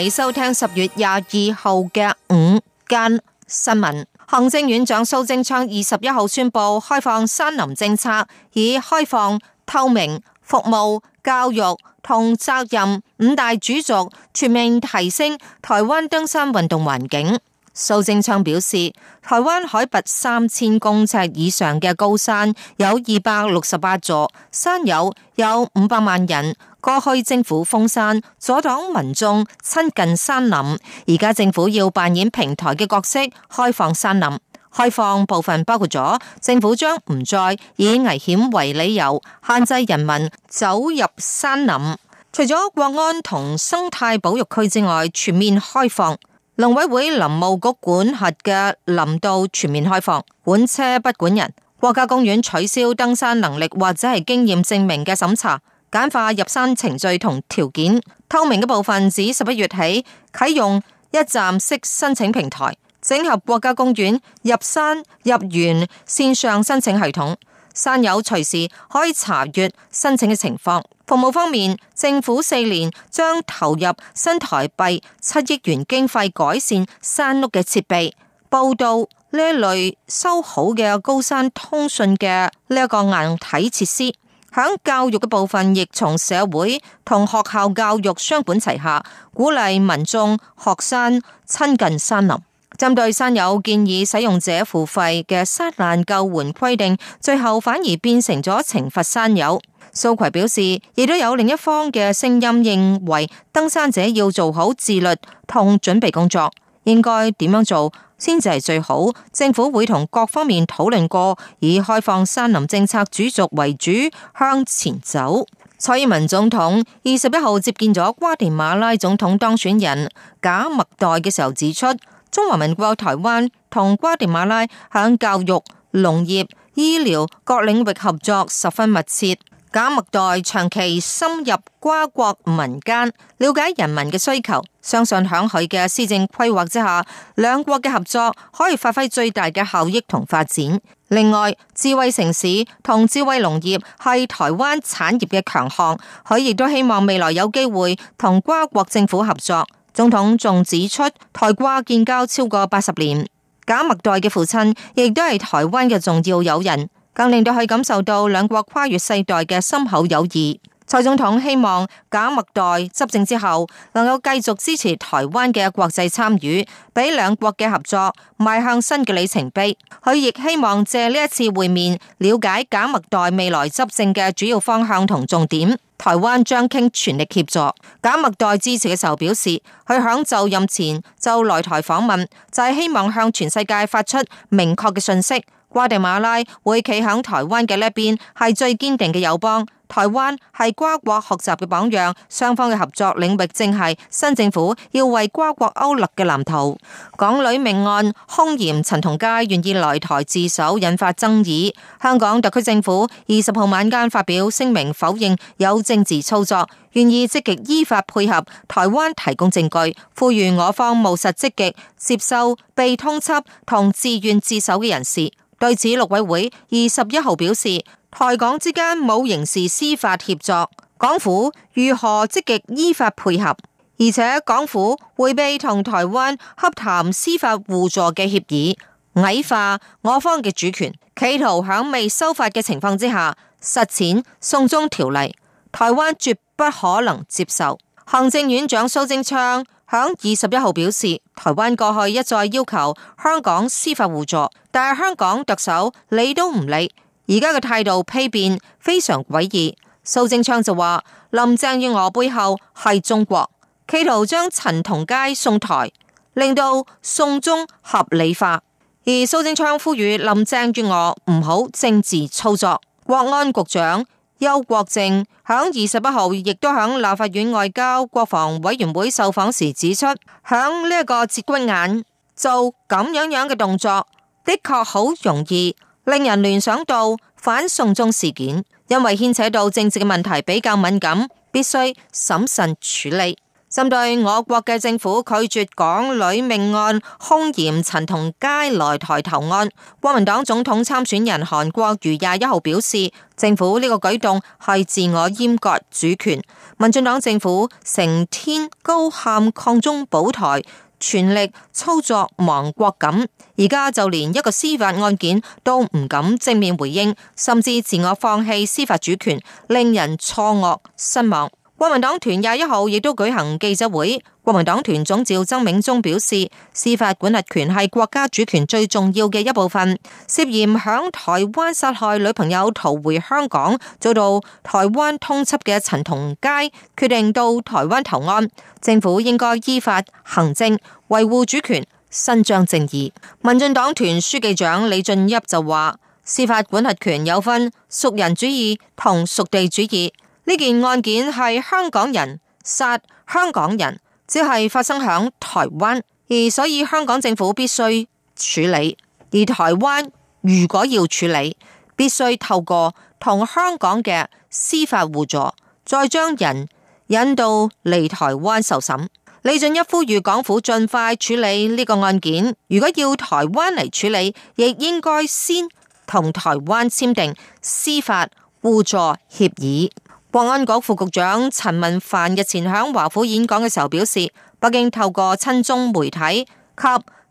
你收聽十月廿二號嘅午間新聞。行政院長蘇貞昌二十一號宣布開放山林政策，以開放、透明、服務、教育同責任五大主軸，全面提升台灣登山運動環境。蘇貞昌表示，台灣海拔三千公尺以上嘅高山有二百六十八座，山友有五百萬人。過去政府封山，阻擋民眾親近山林，而家政府要扮演平台嘅角色，開放山林。開放部分包括咗，政府將唔再以危險為理由限制人民走入山林。除咗國安同生態保育區之外，全面開放。農委會林務局管轄嘅林道全面開放，管車不管人。國家公園取消登山能力或者係經驗證明嘅審查，簡化入山程序同條件。透明嘅部分指十一月起，啟用一站式申請平台，整合國家公園入山入園線上申請系統，山友隨時可以查閱申請嘅情況。服務方面，政府四年將投入新台幣七億元經費改善山屋嘅設備，報道呢一類修好嘅高山通訊嘅呢一個硬體設施。響教育嘅部分，亦從社會同學校教育雙管齊下，鼓勵民眾、學生親近山林。針對山友建議使用者付費嘅山難救援規定，最後反而變成咗懲罰山友。蘇揆表示，亦都有另一方嘅聲音認為，登山者要做好自律同準備工作，應該點樣做先至係最好。政府會同各方面討論過，以開放山林政策主軸為主，向前走。蔡英文總統二十一號接見咗瓜地馬拉總統當選人賈麥代嘅時候指出，中華民國台灣同瓜地馬拉響教育、農業、醫療各領域合作十分密切。賈麥代長期深入瓜國民間，了解人民嘅需求，相信喺佢嘅施政規劃之下，兩國嘅合作可以發揮最大嘅效益同發展。另外，智慧城市同智慧農業係台灣產業嘅強項，佢亦都希望未來有機會同瓜國政府合作。總統仲指出，台瓜建交超過八十年，賈麥代嘅父親亦都係台灣嘅重要友人。更令到佢感受到兩國跨越世代嘅深厚友誼。蔡總統希望賈麥代執政之後，能夠繼續支持台灣嘅國際參與，俾兩國嘅合作邁向新嘅里程碑。佢亦希望借呢一次會面，了解賈麥代未來執政嘅主要方向同重點。台灣將傾全力協助。賈麥代支持嘅時候表示，佢響就任前就來台訪問，就係、是、希望向全世界發出明確嘅信息：瓜地馬拉會企響台灣嘅呢一邊，係最堅定嘅友邦。台灣係瓜國學習嘅榜樣，雙方嘅合作領域正係新政府要為瓜國歐立嘅藍圖。港女命案凶嫌陳同佳願意來台自首，引發爭議。香港特區政府二十號晚間發表聲明否認有。政治操作，願意積極依法配合台灣提供證據，呼籲我方務實積極接受被通緝同自願自首嘅人士。對此，陸委會二十一號表示，台港之間冇刑事司法協作，港府如何積極依法配合？而且港府回避同台灣洽談司法互助嘅協議，矮化我方嘅主權，企圖響未修法嘅情況之下實踐送中條例。台灣絕不可能接受。行政院長蘇貞昌響二十一號表示，台灣過去一再要求香港司法互助，但係香港特首理都唔理，而家嘅態度丕變，非常詭異。蘇貞昌就話，林鄭月娥背後係中國，企圖將陳同佳送台，令到送中合理化。而蘇貞昌呼籲林鄭月娥唔好政治操作，國安局長。邱國正響二十八號亦都響立法院外交國防委員會受訪時指出，響呢個節骨眼做咁樣樣嘅動作，的確好容易令人聯想到反送中事件，因為牽扯到政治嘅問題比較敏感，必須審慎處理。針對我國嘅政府拒絕港女命案凶嫌陳同佳來台投案，國民黨總統參選人韓國瑜廿一號表示，政府呢個舉動係自我閹割主權。民進黨政府成天高喊抗中保台，全力操作亡國感，而家就連一個司法案件都唔敢正面回應，甚至自我放棄司法主權，令人錯愕失望。國民黨團廿一號亦都舉行記者會，國民黨團總召曾銘忠表示，司法管轄權係國家主權最重要嘅一部分。涉嫌響台灣殺害女朋友逃回香港，遭到台灣通緝嘅陳同佳，決定到台灣投案。政府應該依法行政，維護主權，伸張正義。民進黨團書記長李俊逸就話，司法管轄權有分屬人主義同屬地主義。呢件案件係香港人殺香港人，只係發生響台灣，而所以香港政府必須處理。而台灣如果要處理，必須透過同香港嘅司法互助，再將人引到嚟台灣受審。李俊一呼籲港府盡快處理呢個案件。如果要台灣嚟處理，亦應該先同台灣簽訂司法互助協議。國安局副局長陳文凡日前喺華府演講嘅時候表示，北京透過親中媒體及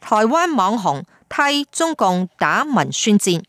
台灣網紅替中共打文宣戰。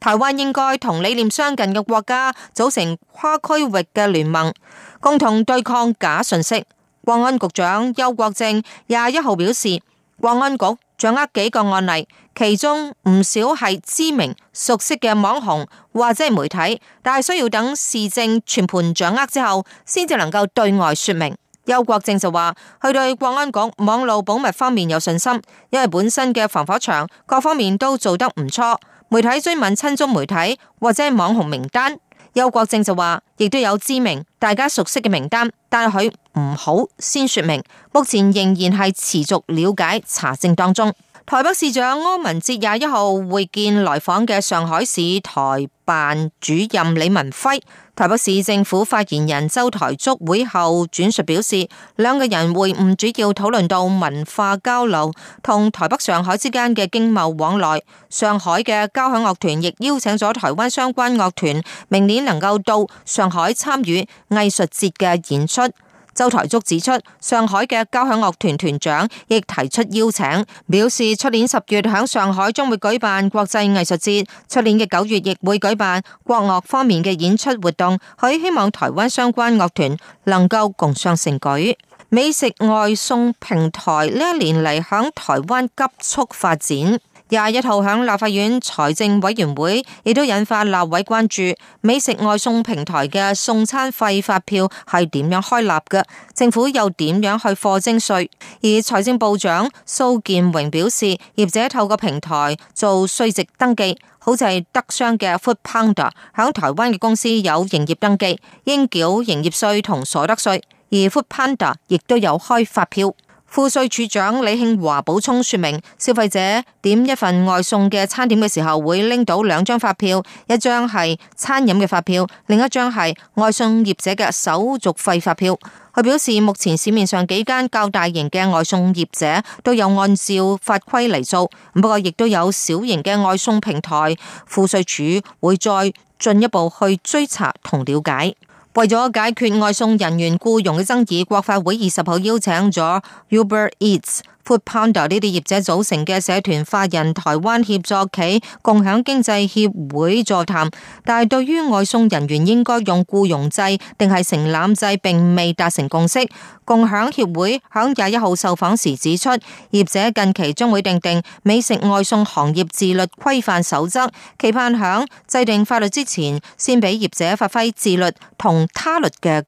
台灣應該同理念相近嘅國家組成跨區域嘅聯盟，共同對抗假信息。國安局長邱國正廿一號表示，國安局。掌握幾個案例，其中唔少係知名熟悉嘅網紅或者係媒體，但係需要等事證全盤掌握之後，先至能夠對外說明。邱國正就話，佢對國安局網路保密方面有信心，因為本身嘅防火牆各方面都做得唔錯。媒體追問親中媒體或者網紅名單。邱國正就話，亦都有知名、大家熟悉嘅名單，但佢唔好先說明，目前仍然係持續了解查證當中。台北市長柯文哲廿一號會見來訪嘅上海市台辦主任李文輝，台北市政府發言人周台竹會後轉述表示，兩個人會晤主要討論到文化交流同台北上海之間嘅經貿往來。上海嘅交響樂團亦邀請咗台灣相關樂團，明年能夠到上海參與藝術節嘅演出。周台珠指出，上海嘅交響樂團團長亦提出邀請，表示出年十月響上海將會舉辦國際藝術節，出年嘅九月亦會舉辦國樂方面嘅演出活動，佢希望台灣相關樂團能夠共襄盛舉。美食外送平台呢一年嚟響台灣急速發展。廿一號響立法院財政委員會亦都引發立委關注，美食外送平台嘅送餐費發票係點樣開立嘅？政府又點樣去課徵稅？而財政部長蘇建榮表示，業者透過平台做稅籍登記，好似係德商嘅 foodpanda 響台灣嘅公司有營業登記，應繳營業稅同所得稅，而 foodpanda 亦都有開發票。副稅署長李慶華補充說明，消費者點一份外送嘅餐點嘅時候，會拎到兩張發票，一張係餐飲嘅發票，另一張係外送業者嘅手續費發票。佢表示，目前市面上幾間較大型嘅外送業者都有按照法規嚟做，不過亦都有小型嘅外送平台，副稅署會再進一步去追查同了解。為咗解決外送人員雇傭嘅爭議，國發會二十號邀請咗 Uber Eats。闊 p a n 呢啲業者組成嘅社團法人台灣協作企共享經濟協會座談，但係對於外送人員應該用僱傭制定係承攬制，制並未達成共識。共享協會響廿一號受訪時指出，業者近期將會定定美食外送行業自律規範守則，期盼響制定法律之前，先俾業者發揮自律同他律嘅。